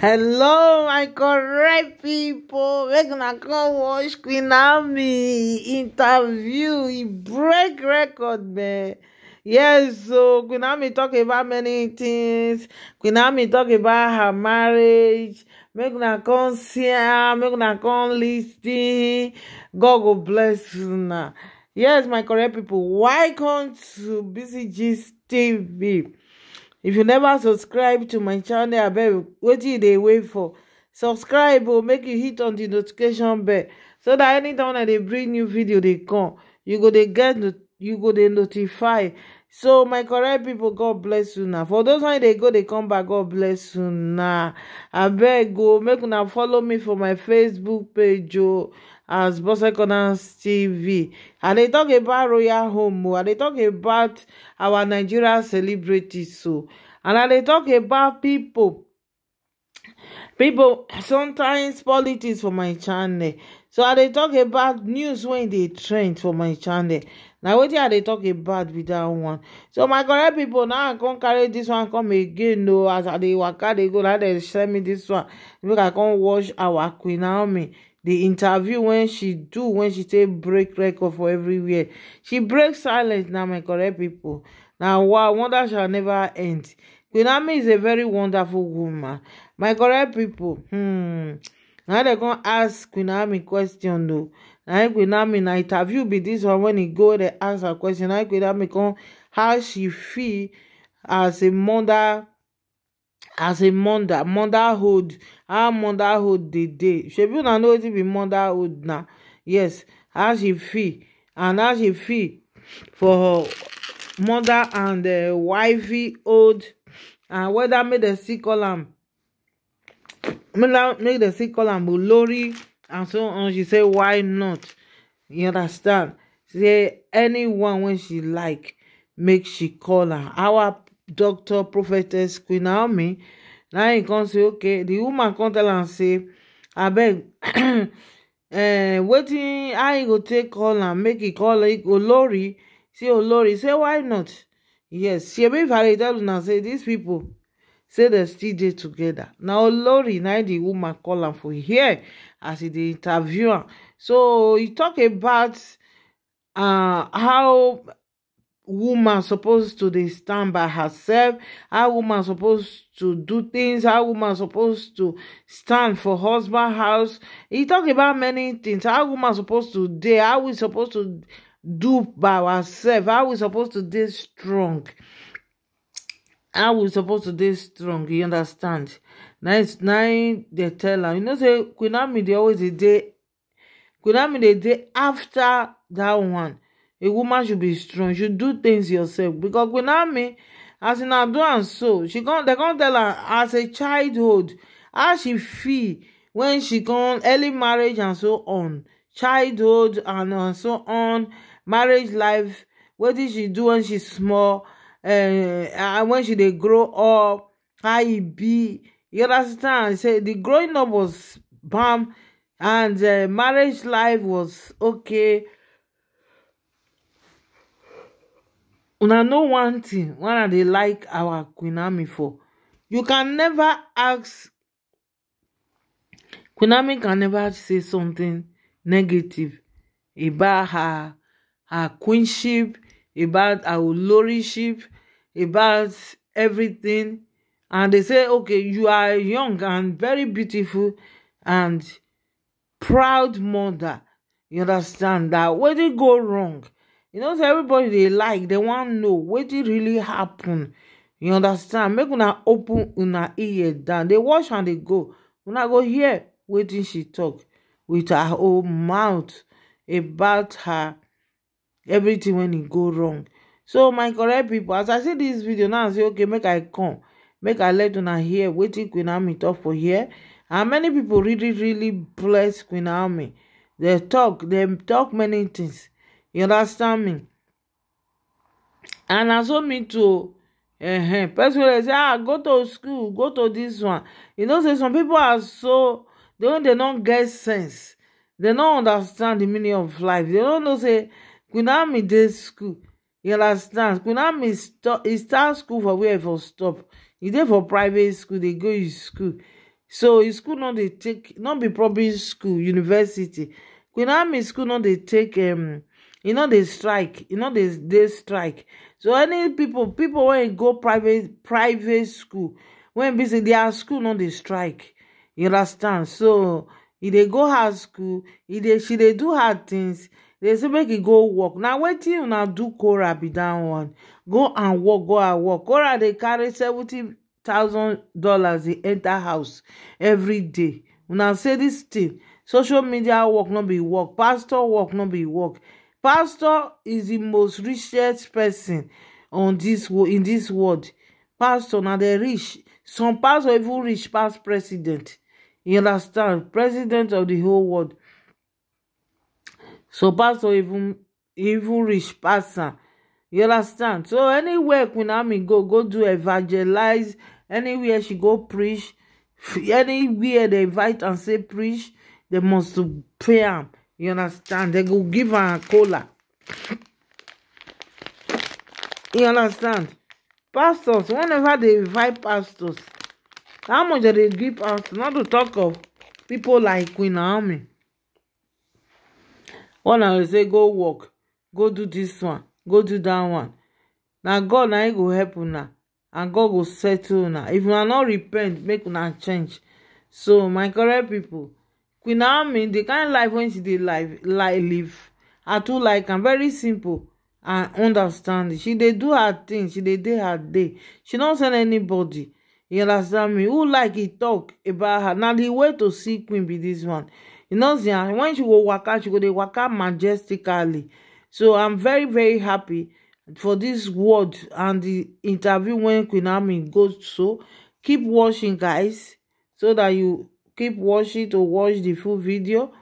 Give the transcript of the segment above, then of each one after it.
Hello, my correct people. Welcome are gonna watch Queen Ami interview. He break record, man. Yes, so Queen Ami talk about many things. Queen Ami talk about her marriage. Make na come see her. Make na come listen. God go bless una. Yes, my correct people. Welcome to BCG TV. if you never subscribe to my channel abeg wetin you dey wait for subscribe o oh, make you hit on the notification bell so that anytime i dey bring new video dey come you go dey get you go dey notify so my correct people, god bless you now. for those when they go they come back god bless you now. I beg go make now follow me for my facebook page Joe as boseconance tv i they talk about royal home And they talk about our nigeria celebrities So, and i talk about people. People sometimes politics for my channel so i they talk about news when they trend for my channel na wetin i they talk about with that one so my correct people now i come carry this one come again o as i walk out, they go Now they send me this one Look, i come watch our queen naomi the interview when she do when she take break record for everywhere she breaks silence now, my correct people. Now wow wonder shall never end queen naomi is a very wonderful woman my correct people. hmm Now dem come ask queen naomi question o na im go now me na interview be this one when he go dey ask her question na im go now me how she feel as a mother as a mother motherhood how motherhood dey dey shebi una know wetin be motherhood na yes how she feel and how she feel for her mother and uh, wifey old and whether make dem still call am make dem still call am olori and so on she say why not you understand she say anyone when she like make she call her. our doctor prophetess queen naomi Now he come say okay the woman come tell and say abeg uh, waiting. I go take call her, make he call her. olori say olori say why not yes she if i dey tell una say these people say dem still dey togeda na olori na di woman call him for here as e dey interview so he talk about uh how woman supposed to dey stand by herself how woman supposed to do things how woman supposed to stand for husband house He talk about many things how woman supposed to do? how we supposed to do by ourselves how we supposed to do strong how we supposed to dey strong you understand na im dey tell am you know say queen ami dey always dey dey queen ami dey dey after that one a woman should be strong should do things yourself because queen ami as una do am so she dem come tell am as a childhood how she feel when she come early marriage and so on childhood and so on marriage life wetin she do when she small Eh, and when she they grow up how e be you understand say the growing up was bam and uh, marriage life was okay And I know one thing one i they like our queen Naomi for you can never ask queen Naomi can never say something negative about her her queenship about our lordship about everything and they say okay you are young and very beautiful and proud mother you understand that Where did go wrong you know everybody they like dem wan know did really happen you understand make una open una ear down They watch and they go una go hear wetin she talk with her own mouth about her everything when it go wrong so my correct people, as i see this video now i say okay make i come make i let una hear waiting queen army talk for here and many people really really bless queen army They talk, they talk many things. you understand me and I so me to, uh-huh. person say ah go to school go to this one you know say some people are so they no get sense They no understand the meaning of life They don't know say queen naomi dey school you understand queen naomi start school for where for stop e dey for private school They go to school so e school not they take not be public school university queen naomi school not they take um e no dey strike e no dey dey strike so any people pipo wey go private private school wey busy their school not they strike you understand so if they go high school if they she they do hard things dey say make he go work na wetin una do cora be dat one go and work go and work cora dey carry seventy thousand dollars dey enter house every day una say this thing social media work no be work pastor work no be work pastor is the most richest person on this in this world pastor na dey rich some pastor even rich. past president you understand president of the whole world surpass or even even reach pass am you understand so anywhere queen naomi go go do evangelize anywhere she go preach anywhere they invite and say preach they must to pray am you understand They go give am kola you understand pastors whenever they invite pastors how much they dey give pastor not to talk of people like queen naomi one I na say go work go do this one go do that one na god na him go help una and god go settle una if una no repent make una change so my correct people, queen army the kind life wey she dey live i too like am very simple and understanding she dey do her thing she dey dey her day she no send anybody you understand me who like e talk about her na di way to see queen be this one you know say ah, when she go waka she go dey waka majestically so i'm very very happy for this word and the interview when queen army go so keep watching guys so that you keep watching to watch the full video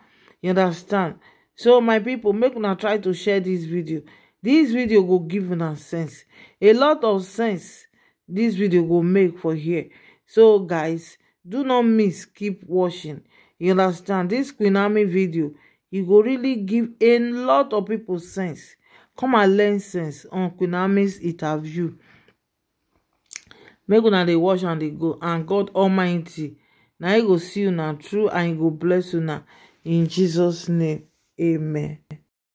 you understand so my people, make una try to share this video This video go give una sense a lot of sense This video go make for here so guys do not miss keep watching you understand this queen Naomi video e go really give a lot of people sense come and learn sense on queen Naomi's interview make una they watch and they go and god almighty na e go see you una true and e go bless you una in jesus name amen